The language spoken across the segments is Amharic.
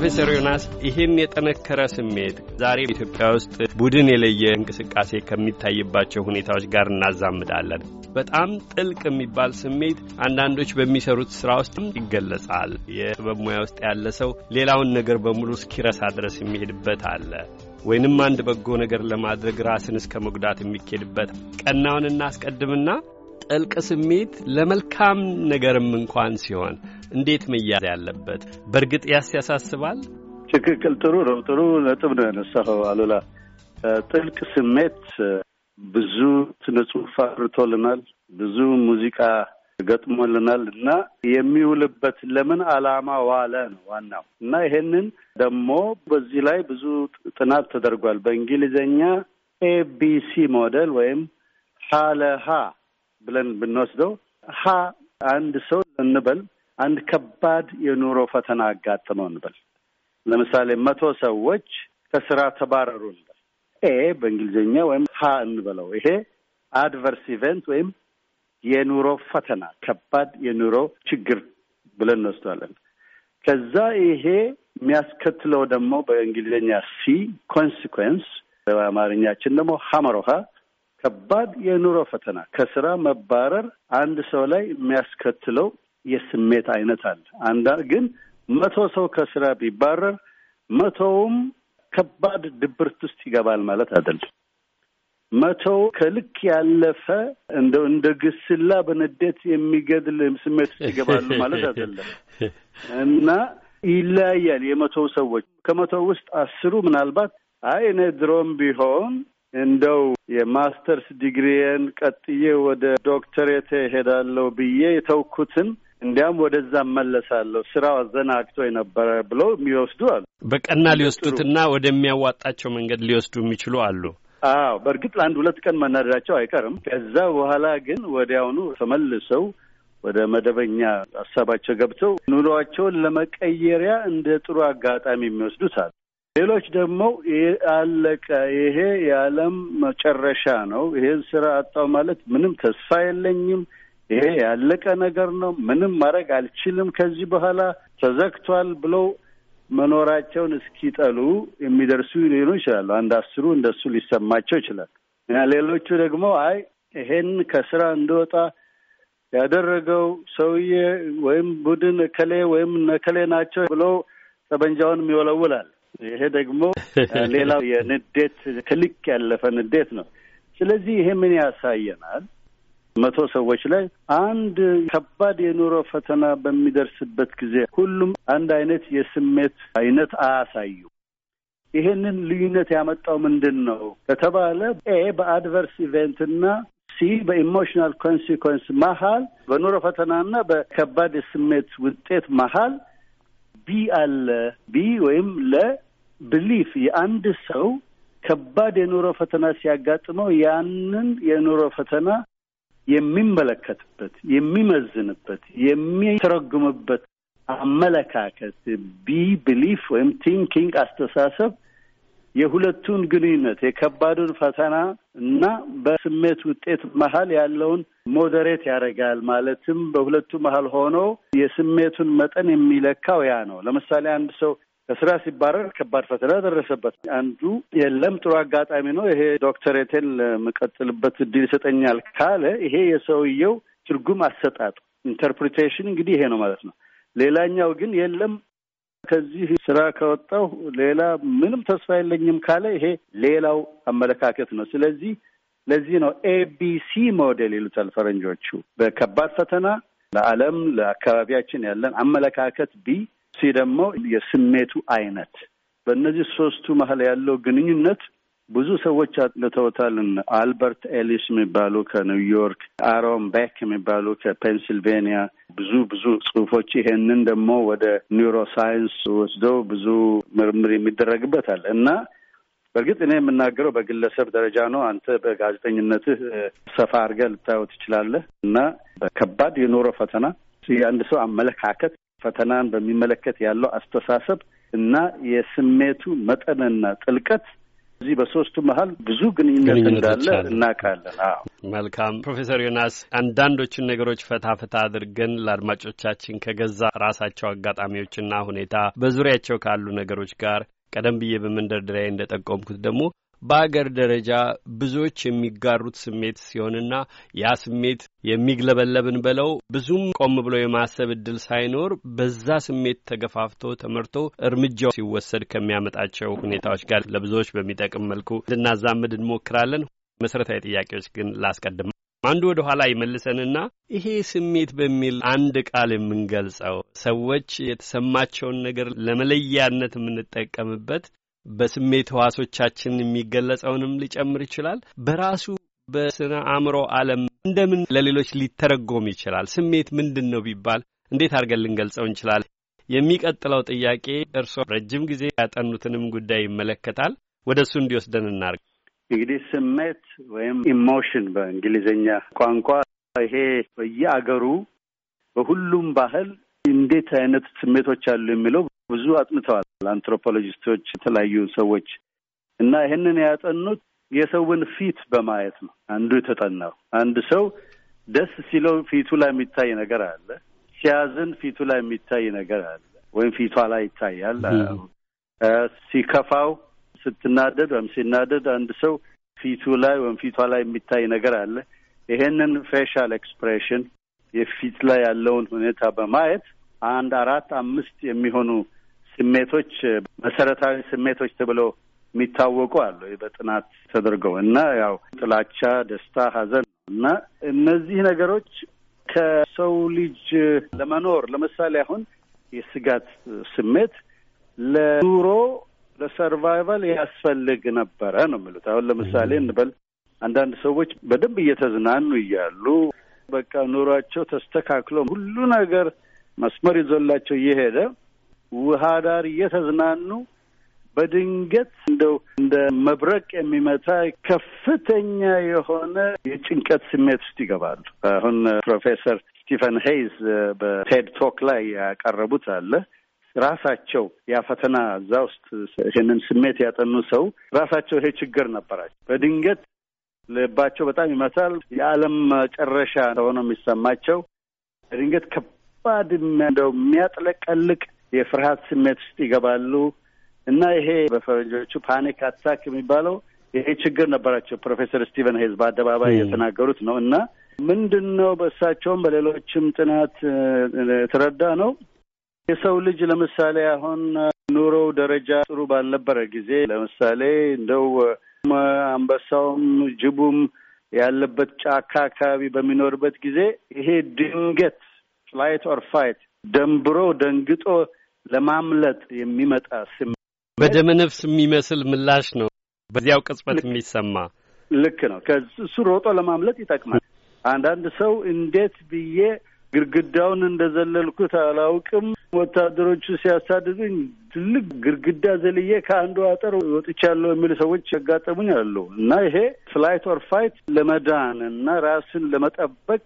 ፕሮፌሰር ዮናስ ይህን የጠነከረ ስሜት ዛሬ ኢትዮጵያ ውስጥ ቡድን የለየ እንቅስቃሴ ከሚታይባቸው ሁኔታዎች ጋር እናዛምዳለን። በጣም ጥልቅ የሚባል ስሜት አንዳንዶች በሚሰሩት ስራ ውስጥ ይገለጻል። የጥበብ ሙያ ውስጥ ያለ ሰው ሌላውን ነገር በሙሉ እስኪረሳ ድረስ የሚሄድበት አለ። ወይንም አንድ በጎ ነገር ለማድረግ ራስን እስከ መጉዳት የሚኬድበት ቀናውን እናስቀድምና ጥልቅ ስሜት ለመልካም ነገርም እንኳን ሲሆን እንዴት መያዝ ያለበት? በእርግጥ ያስ ያሳስባል። ትክክል። ጥሩ ነው። ጥሩ ነጥብ ነው ያነሳኸው አሉላ። ጥልቅ ስሜት ብዙ ስነ ጽሁፍ አፍርቶልናል፣ ብዙ ሙዚቃ ገጥሞልናል እና የሚውልበት ለምን ዓላማ ዋለ ነው ዋናው። እና ይሄንን ደግሞ በዚህ ላይ ብዙ ጥናት ተደርጓል። በእንግሊዘኛ ኤቢሲ ሞዴል ወይም ሀ ለሀ ብለን ብንወስደው ሀ አንድ ሰው እንበል አንድ ከባድ የኑሮ ፈተና አጋጥመው እንበል። ለምሳሌ መቶ ሰዎች ከስራ ተባረሩ እንበል። ኤ በእንግሊዝኛ ወይም ሀ እንበለው። ይሄ አድቨርስ ኢቨንት ወይም የኑሮ ፈተና ከባድ የኑሮ ችግር ብለን እንወስዳለን። ከዛ ይሄ የሚያስከትለው ደግሞ በእንግሊዝኛ ሲ ኮንሲኩዌንስ፣ በአማርኛችን ደግሞ ሀመሮሃ ከባድ የኑሮ ፈተና ከስራ መባረር አንድ ሰው ላይ የሚያስከትለው የስሜት አይነት አለ። አንዳንድ ግን መቶ ሰው ከስራ ቢባረር መቶውም ከባድ ድብርት ውስጥ ይገባል ማለት አይደለም። መቶው ከልክ ያለፈ እንደው እንደ ግስላ በንዴት የሚገድል ስሜት ውስጥ ይገባሉ ማለት አይደለም እና ይለያያል። የመቶው ሰዎች ከመቶ ውስጥ አስሩ ምናልባት አይ እኔ ድሮም ቢሆን እንደው የማስተርስ ዲግሪዬን ቀጥዬ ወደ ዶክተሬት ሄዳለው ብዬ የተውኩትን እንዲያም ወደዛ መለሳለሁ ስራው አዘናግቶ የነበረ ብለው የሚወስዱ አሉ። በቀና ሊወስዱትና ወደሚያዋጣቸው መንገድ ሊወስዱ የሚችሉ አሉ። አዎ በእርግጥ ለአንድ ሁለት ቀን መናደዳቸው አይቀርም። ከዛ በኋላ ግን ወዲያውኑ ተመልሰው ወደ መደበኛ ሀሳባቸው ገብተው ኑሯቸውን ለመቀየሪያ እንደ ጥሩ አጋጣሚ የሚወስዱት አሉ። ሌሎች ደግሞ አለቀ፣ ይሄ የዓለም መጨረሻ ነው፣ ይሄን ስራ አጣው ማለት ምንም ተስፋ የለኝም ይሄ ያለቀ ነገር ነው፣ ምንም ማድረግ አልችልም ከዚህ በኋላ ተዘግቷል ብለው መኖራቸውን እስኪጠሉ የሚደርሱ ሊሆኑ ይችላሉ። አንድ አስሩ እንደሱ ሊሰማቸው ይችላል። እና ሌሎቹ ደግሞ አይ ይሄን ከስራ እንደወጣ ያደረገው ሰውዬ ወይም ቡድን እከሌ ወይም እከሌ ናቸው ብሎ ጠበንጃውን ይወለውላል። ይሄ ደግሞ ሌላው የንዴት ከልክ ያለፈ ንዴት ነው። ስለዚህ ይሄ ምን ያሳየናል? መቶ ሰዎች ላይ አንድ ከባድ የኑሮ ፈተና በሚደርስበት ጊዜ ሁሉም አንድ አይነት የስሜት አይነት አያሳዩ። ይሄንን ልዩነት ያመጣው ምንድን ነው ከተባለ ኤ በአድቨርስ ኢቨንትና ሲ በኢሞሽናል ኮንሲኮንስ መሀል በኑሮ ፈተናና በከባድ የስሜት ውጤት መሀል ቢ አለ። ቢ ወይም ለብሊፍ የአንድ ሰው ከባድ የኑሮ ፈተና ሲያጋጥመው ያንን የኑሮ ፈተና የሚመለከትበት፣ የሚመዝንበት፣ የሚተረጉምበት አመለካከት ቢ ብሊፍ ወይም ቲንኪንግ አስተሳሰብ የሁለቱን ግንኙነት የከባዱን ፈተና እና በስሜት ውጤት መሀል ያለውን ሞዴሬት ያደርጋል። ማለትም በሁለቱ መሀል ሆኖ የስሜቱን መጠን የሚለካው ያ ነው። ለምሳሌ አንድ ሰው ከስራ ሲባረር ከባድ ፈተና ደረሰበት። አንዱ የለም ጥሩ አጋጣሚ ነው ይሄ ዶክተሬቴን ለመቀጥልበት እድል ይሰጠኛል ካለ ይሄ የሰውየው ትርጉም አሰጣጡ ኢንተርፕሪቴሽን እንግዲህ ይሄ ነው ማለት ነው። ሌላኛው ግን የለም ከዚህ ስራ ከወጣሁ ሌላ ምንም ተስፋ የለኝም ካለ ይሄ ሌላው አመለካከት ነው። ስለዚህ ለዚህ ነው ኤቢሲ ሞዴል ይሉታል ፈረንጆቹ። በከባድ ፈተና ለዓለም ለአካባቢያችን ያለን አመለካከት ቢ ሲ ደግሞ የስሜቱ አይነት በእነዚህ ሶስቱ መሀል ያለው ግንኙነት ብዙ ሰዎች አጥንተውታል። አልበርት ኤሊስ የሚባሉ ከኒውዮርክ፣ አሮን ቤክ የሚባሉ ከፔንሲልቬኒያ ብዙ ብዙ ጽሁፎች ይሄንን ደግሞ ወደ ኒውሮሳይንስ ወስደው ብዙ ምርምር የሚደረግበታል እና በእርግጥ እኔ የምናገረው በግለሰብ ደረጃ ነው። አንተ በጋዜጠኝነትህ ሰፋ አድርገህ ልታየው ትችላለህ እና በከባድ የኑሮ ፈተና የአንድ ሰው አመለካከት ፈተናን በሚመለከት ያለው አስተሳሰብ እና የስሜቱ መጠንና ጥልቀት እዚህ በሶስቱ መሀል ብዙ ግንኙነት እንዳለ እናውቃለን። መልካም ፕሮፌሰር ዮናስ አንዳንዶቹን ነገሮች ፈታ ፈታ አድርገን ለአድማጮቻችን ከገዛ ራሳቸው አጋጣሚዎችና ሁኔታ በዙሪያቸው ካሉ ነገሮች ጋር ቀደም ብዬ በመንደርደሪያ እንደጠቆምኩት ደግሞ በአገር ደረጃ ብዙዎች የሚጋሩት ስሜት ሲሆንና ያ ስሜት የሚግለበለብን በለው ብዙም ቆም ብሎ የማሰብ እድል ሳይኖር በዛ ስሜት ተገፋፍቶ ተመርቶ እርምጃው ሲወሰድ ከሚያመጣቸው ሁኔታዎች ጋር ለብዙዎች በሚጠቅም መልኩ ልናዛምድ እንሞክራለን። መሰረታዊ ጥያቄዎች ግን ላስቀድም። አንዱ ወደ ኋላ ይመልሰንና ይሄ ስሜት በሚል አንድ ቃል የምንገልጸው ሰዎች የተሰማቸውን ነገር ለመለያነት የምንጠቀምበት በስሜት ህዋሶቻችን የሚገለጸውንም ሊጨምር ይችላል። በራሱ በስነ አእምሮ ዓለም እንደምን ለሌሎች ሊተረጎም ይችላል? ስሜት ምንድን ነው ቢባል እንዴት አድርገን ልንገልጸው እንችላል? የሚቀጥለው ጥያቄ እርስዎ ረጅም ጊዜ ያጠኑትንም ጉዳይ ይመለከታል። ወደ እሱ እንዲወስደን እናርግ። እንግዲህ ስሜት ወይም ኢሞሽን በእንግሊዝኛ ቋንቋ ይሄ በየአገሩ በሁሉም ባህል እንዴት አይነት ስሜቶች አሉ የሚለው ብዙ አጥንተዋል አንትሮፖሎጂስቶች፣ የተለያዩ ሰዎች እና ይህንን ያጠኑት የሰውን ፊት በማየት ነው። አንዱ የተጠናው አንድ ሰው ደስ ሲለው ፊቱ ላይ የሚታይ ነገር አለ፣ ሲያዝን ፊቱ ላይ የሚታይ ነገር አለ ወይም ፊቷ ላይ ይታያል። ሲከፋው፣ ስትናደድ ወይም ሲናደድ አንድ ሰው ፊቱ ላይ ወይም ፊቷ ላይ የሚታይ ነገር አለ። ይሄንን ፌሻል ኤክስፕሬሽን የፊት ላይ ያለውን ሁኔታ በማየት አንድ አራት አምስት የሚሆኑ ስሜቶች መሰረታዊ ስሜቶች ተብለው የሚታወቁ አሉ በጥናት ተደርገው እና ያው ጥላቻ፣ ደስታ፣ ሐዘን እና እነዚህ ነገሮች ከሰው ልጅ ለመኖር ለምሳሌ አሁን የስጋት ስሜት ለኑሮ ለሰርቫይቫል ያስፈልግ ነበረ ነው የሚሉት። አሁን ለምሳሌ እንበል አንዳንድ ሰዎች በደንብ እየተዝናኑ እያሉ በቃ ኑሯቸው ተስተካክሎ ሁሉ ነገር መስመር ይዞላቸው እየሄደ ውሃ ዳር እየተዝናኑ በድንገት እንደው እንደ መብረቅ የሚመታ ከፍተኛ የሆነ የጭንቀት ስሜት ውስጥ ይገባሉ። አሁን ፕሮፌሰር ስቲፈን ሄይዝ በቴድ ቶክ ላይ ያቀረቡት አለ። ራሳቸው ያ ፈተና እዛ ውስጥ ይህንን ስሜት ያጠኑ ሰው ራሳቸው ይሄ ችግር ነበራቸው። በድንገት ልባቸው በጣም ይመታል። የዓለም መጨረሻ ሆኖ የሚሰማቸው በድንገት ከባድ እንደው የሚያጥለቀልቅ የፍርሃት ስሜት ውስጥ ይገባሉ እና ይሄ በፈረንጆቹ ፓኒክ አታክ የሚባለው ይሄ ችግር ነበራቸው። ፕሮፌሰር ስቲቨን ሄዝ በአደባባይ የተናገሩት ነው እና ምንድን ነው በእሳቸውም በሌሎችም ጥናት የተረዳ ነው የሰው ልጅ ለምሳሌ አሁን ኑሮው ደረጃ ጥሩ ባልነበረ ጊዜ ለምሳሌ እንደው አንበሳውም ጅቡም ያለበት ጫካ አካባቢ በሚኖርበት ጊዜ ይሄ ድንገት ፍላይት ኦር ፋይት ደንብሮ ደንግጦ ለማምለጥ የሚመጣ ስም በደመነፍስ የሚመስል ምላሽ ነው በዚያው ቅጽበት የሚሰማ ልክ ነው። ከእሱ ሮጦ ለማምለጥ ይጠቅማል። አንዳንድ ሰው እንዴት ብዬ ግድግዳውን እንደዘለልኩት አላውቅም። ወታደሮቹ ሲያሳድዱኝ ትልቅ ግድግዳ ዘልዬ ከአንዱ አጠር ወጥቻለሁ የሚሉ ሰዎች ያጋጠሙኝ አሉ እና ይሄ ፍላይት ኦር ፋይት ለመዳን እና ራስን ለመጠበቅ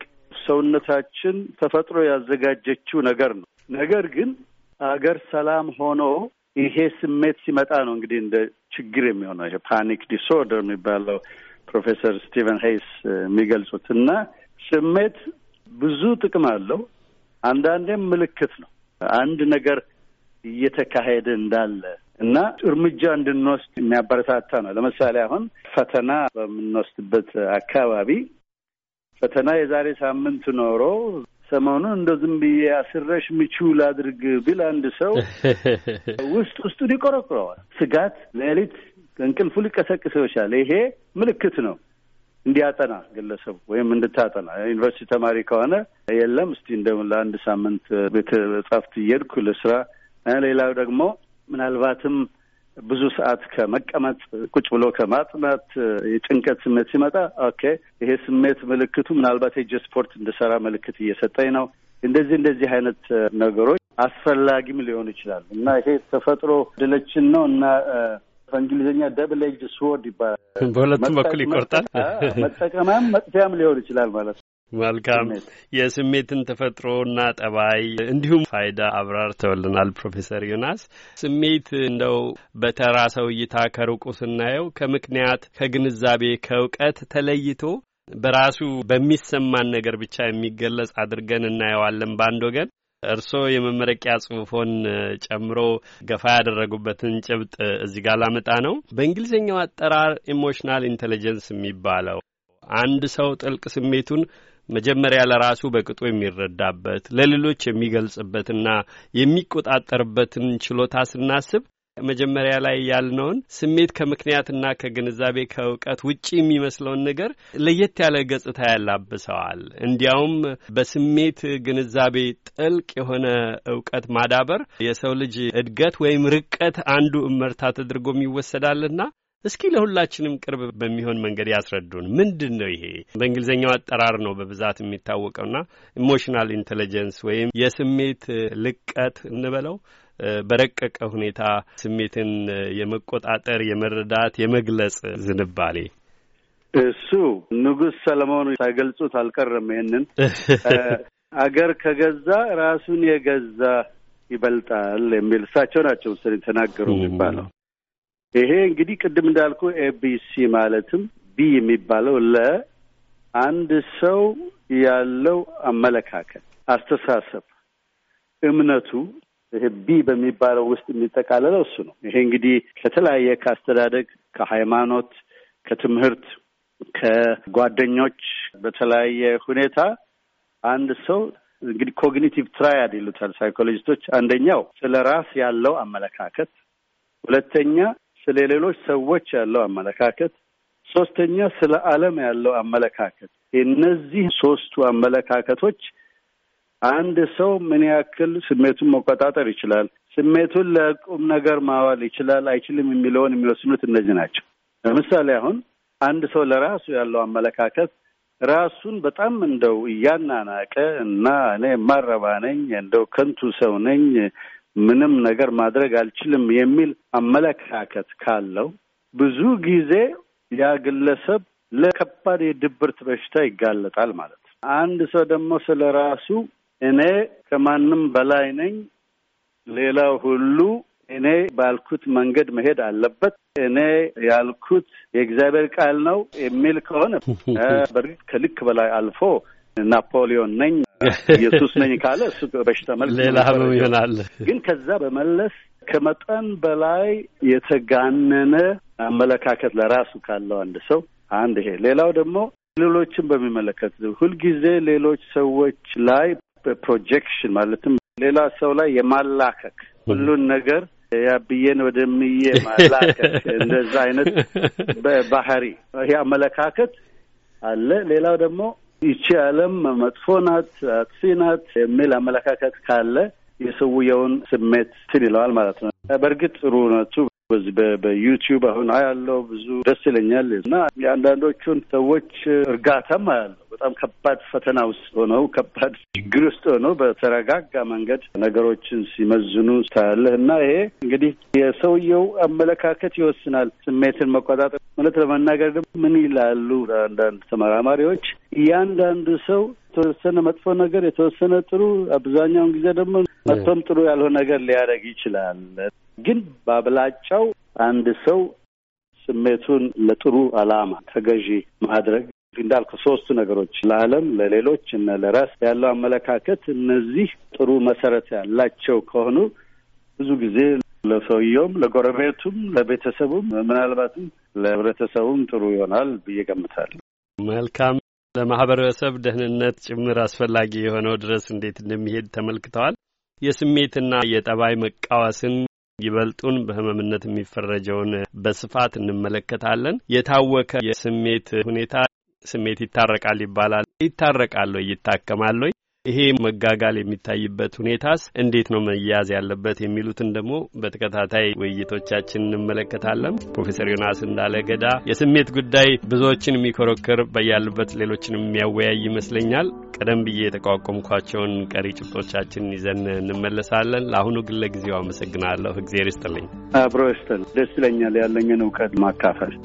ሰውነታችን ተፈጥሮ ያዘጋጀችው ነገር ነው። ነገር ግን አገር ሰላም ሆኖ ይሄ ስሜት ሲመጣ ነው እንግዲህ እንደ ችግር የሚሆነው ይሄ ፓኒክ ዲስኦርደር የሚባለው ፕሮፌሰር ስቲቨን ሄይስ የሚገልጹት እና ስሜት ብዙ ጥቅም አለው። አንዳንዴም ምልክት ነው አንድ ነገር እየተካሄደ እንዳለ እና እርምጃ እንድንወስድ የሚያበረታታ ነው። ለምሳሌ አሁን ፈተና በምንወስድበት አካባቢ ፈተና የዛሬ ሳምንት ኖሮ ሰሞኑን እንደ ዝም ብዬ አስረሽ ምቹ ላድርግ ብል አንድ ሰው ውስጥ ውስጡን ይቆረቁረዋል። ስጋት ሌሊት ከእንቅልፉ ሊቀሰቅሰውሻል። ይሄ ምልክት ነው። እንዲያጠና ግለሰቡ ወይም እንድታጠና ዩኒቨርሲቲ ተማሪ ከሆነ የለም እስቲ እንደውም ለአንድ ሳምንት ቤተ መጻሕፍት እየሄድኩ ለስራ ሌላው ደግሞ ምናልባትም ብዙ ሰዓት ከመቀመጥ ቁጭ ብሎ ከማጥናት የጭንቀት ስሜት ሲመጣ ኦኬ፣ ይሄ ስሜት ምልክቱ ምናልባት ሄጄ ስፖርት እንድሰራ ምልክት እየሰጠኝ ነው። እንደዚህ እንደዚህ አይነት ነገሮች አስፈላጊም ሊሆኑ ይችላል እና ይሄ ተፈጥሮ ድለችን ነው እና በእንግሊዝኛ ደብል ኤጅ ስዎርድ ይባላል። በሁለቱም በኩል ይቆርጣል። መጠቀሚያም መጥፊያም ሊሆን ይችላል ማለት ነው። መልካም የስሜትን ተፈጥሮና ጠባይ እንዲሁም ፋይዳ አብራር ተወልናል። ፕሮፌሰር ዮናስ ስሜት እንደው በተራ ሰው እይታ ከሩቁ ስናየው ከምክንያት ከግንዛቤ ከእውቀት ተለይቶ በራሱ በሚሰማን ነገር ብቻ የሚገለጽ አድርገን እናየዋለን። በአንድ ወገን እርስዎ የመመረቂያ ጽሑፎን ጨምሮ ገፋ ያደረጉበትን ጭብጥ እዚህ ጋር ላመጣ ነው። በእንግሊዝኛው አጠራር ኢሞሽናል ኢንቴሊጀንስ የሚባለው አንድ ሰው ጥልቅ ስሜቱን መጀመሪያ ለራሱ በቅጡ የሚረዳበት ለሌሎች የሚገልጽበትና የሚቆጣጠርበትን ችሎታ ስናስብ መጀመሪያ ላይ ያልነውን ስሜት ከምክንያትና ከግንዛቤ ከእውቀት ውጪ የሚመስለውን ነገር ለየት ያለ ገጽታ ያላብሰዋል። እንዲያውም በስሜት ግንዛቤ ጥልቅ የሆነ እውቀት ማዳበር የሰው ልጅ እድገት ወይም ርቀት አንዱ እመርታ ተደርጎም ይወሰዳልና እስኪ ለሁላችንም ቅርብ በሚሆን መንገድ ያስረዱን። ምንድን ነው ይሄ? በእንግሊዝኛው አጠራር ነው በብዛት የሚታወቀውና ኢሞሽናል ኢንቴሊጀንስ ወይም የስሜት ልቀት እንበለው በረቀቀ ሁኔታ ስሜትን የመቆጣጠር የመረዳት፣ የመግለጽ ዝንባሌ እሱ ንጉሥ ሰለሞን ሳይገልጹት አልቀረም። ይህንን አገር ከገዛ ራሱን የገዛ ይበልጣል የሚል እሳቸው ናቸው ስ የተናገሩ የሚባለው ይሄ እንግዲህ ቅድም እንዳልኩ ኤቢሲ ማለትም ቢ የሚባለው ለአንድ ሰው ያለው አመለካከት፣ አስተሳሰብ፣ እምነቱ ይሄ ቢ በሚባለው ውስጥ የሚጠቃለለው እሱ ነው። ይሄ እንግዲህ ከተለያየ ከአስተዳደግ፣ ከሃይማኖት፣ ከትምህርት፣ ከጓደኞች በተለያየ ሁኔታ አንድ ሰው እንግዲህ ኮግኒቲቭ ትራያድ ይሉታል ሳይኮሎጂስቶች። አንደኛው ስለ ራስ ያለው አመለካከት፣ ሁለተኛ ስለ ሌሎች ሰዎች ያለው አመለካከት፣ ሶስተኛ ስለ ዓለም ያለው አመለካከት። እነዚህ ሶስቱ አመለካከቶች አንድ ሰው ምን ያክል ስሜቱን መቆጣጠር ይችላል፣ ስሜቱን ለቁም ነገር ማዋል ይችላል አይችልም የሚለውን የሚወስኑት እነዚህ ናቸው። ለምሳሌ አሁን አንድ ሰው ለራሱ ያለው አመለካከት ራሱን በጣም እንደው እያናናቀ እና እኔ ማረባ ነኝ፣ እንደው ከንቱ ሰው ነኝ፣ ምንም ነገር ማድረግ አልችልም የሚል አመለካከት ካለው ብዙ ጊዜ ያ ግለሰብ ለከባድ የድብርት በሽታ ይጋለጣል ማለት ነው። አንድ ሰው ደግሞ ስለ ራሱ እኔ ከማንም በላይ ነኝ፣ ሌላው ሁሉ እኔ ባልኩት መንገድ መሄድ አለበት፣ እኔ ያልኩት የእግዚአብሔር ቃል ነው የሚል ከሆነ በእርግጥ ከልክ በላይ አልፎ ናፖሊዮን ነኝ ኢየሱስ ነኝ ካለ እሱ በሽታ መልክ ሌላ ህመም ይሆናል። ግን ከዛ በመለስ ከመጠን በላይ የተጋነነ አመለካከት ለራሱ ካለው አንድ ሰው አንድ ይሄ ሌላው ደግሞ ሌሎችን በሚመለከት ሁልጊዜ ሌሎች ሰዎች ላይ ፕሮጀክሽን ማለትም ሌላ ሰው ላይ የማላከክ ሁሉን ነገር ያብዬን ወደምዬ ማላከክ እንደዛ አይነት ባህሪ ይሄ አመለካከት አለ። ሌላው ደግሞ ይቺ ዓለም መጥፎ ናት፣ አጥፊ ናት የሚል አመለካከት ካለ የሰውየውን ስሜት እንትን ይለዋል ማለት ነው። በእርግጥ ናቸው። በዚህ በዩቲዩብ አሁን አያለው ብዙ ደስ ይለኛል እና የአንዳንዶቹን ሰዎች እርጋታም አያለው። በጣም ከባድ ፈተና ውስጥ ሆነው ከባድ ችግር ውስጥ ሆነው በተረጋጋ መንገድ ነገሮችን ሲመዝኑ ታያለህ እና ይሄ እንግዲህ የሰውየው አመለካከት ይወስናል። ስሜትን መቆጣጠር ማለት ለመናገር ደግሞ ምን ይላሉ አንዳንድ ተመራማሪዎች እያንዳንዱ ሰው የተወሰነ መጥፎ ነገር፣ የተወሰነ ጥሩ፣ አብዛኛውን ጊዜ ደግሞ መጥፎም ጥሩ ያልሆነ ነገር ሊያደርግ ይችላል። ግን ባብላጫው አንድ ሰው ስሜቱን ለጥሩ አላማ ተገዢ ማድረግ እንዳልከው ሶስቱ ነገሮች ለዓለም፣ ለሌሎች እና ለራስ ያለው አመለካከት እነዚህ ጥሩ መሰረት ያላቸው ከሆኑ ብዙ ጊዜ ለሰውየውም፣ ለጎረቤቱም፣ ለቤተሰቡም ምናልባትም ለህብረተሰቡም ጥሩ ይሆናል ብዬ መልካም ለማህበረሰብ ደህንነት ጭምር አስፈላጊ የሆነው ድረስ እንዴት እንደሚሄድ ተመልክተዋል። የስሜትና የጠባይ መቃወስን ይበልጡን በህመምነት የሚፈረጀውን በስፋት እንመለከታለን። የታወከ የስሜት ሁኔታ ስሜት ይታረቃል ይባላል። ይታረቃል ወይ ይታከማል ወይ? ይሄ መጋጋል የሚታይበት ሁኔታስ እንዴት ነው መያዝ ያለበት የሚሉትን ደግሞ በተከታታይ ውይይቶቻችን እንመለከታለን። ፕሮፌሰር ዮናስ እንዳለ ገዳ የስሜት ጉዳይ ብዙዎችን የሚኮረክር በያሉበት ሌሎችን የሚያወያይ ይመስለኛል። ቀደም ብዬ የተቋቋምኳቸውን ቀሪ ጭብጦቻችን ይዘን እንመለሳለን። ለአሁኑ ግን ለጊዜው አመሰግናለሁ። እግዜር ይስጥልኝ። አብሮ ይስጥል። ደስ ይለኛል ያለኝን እውቀት ማካፈል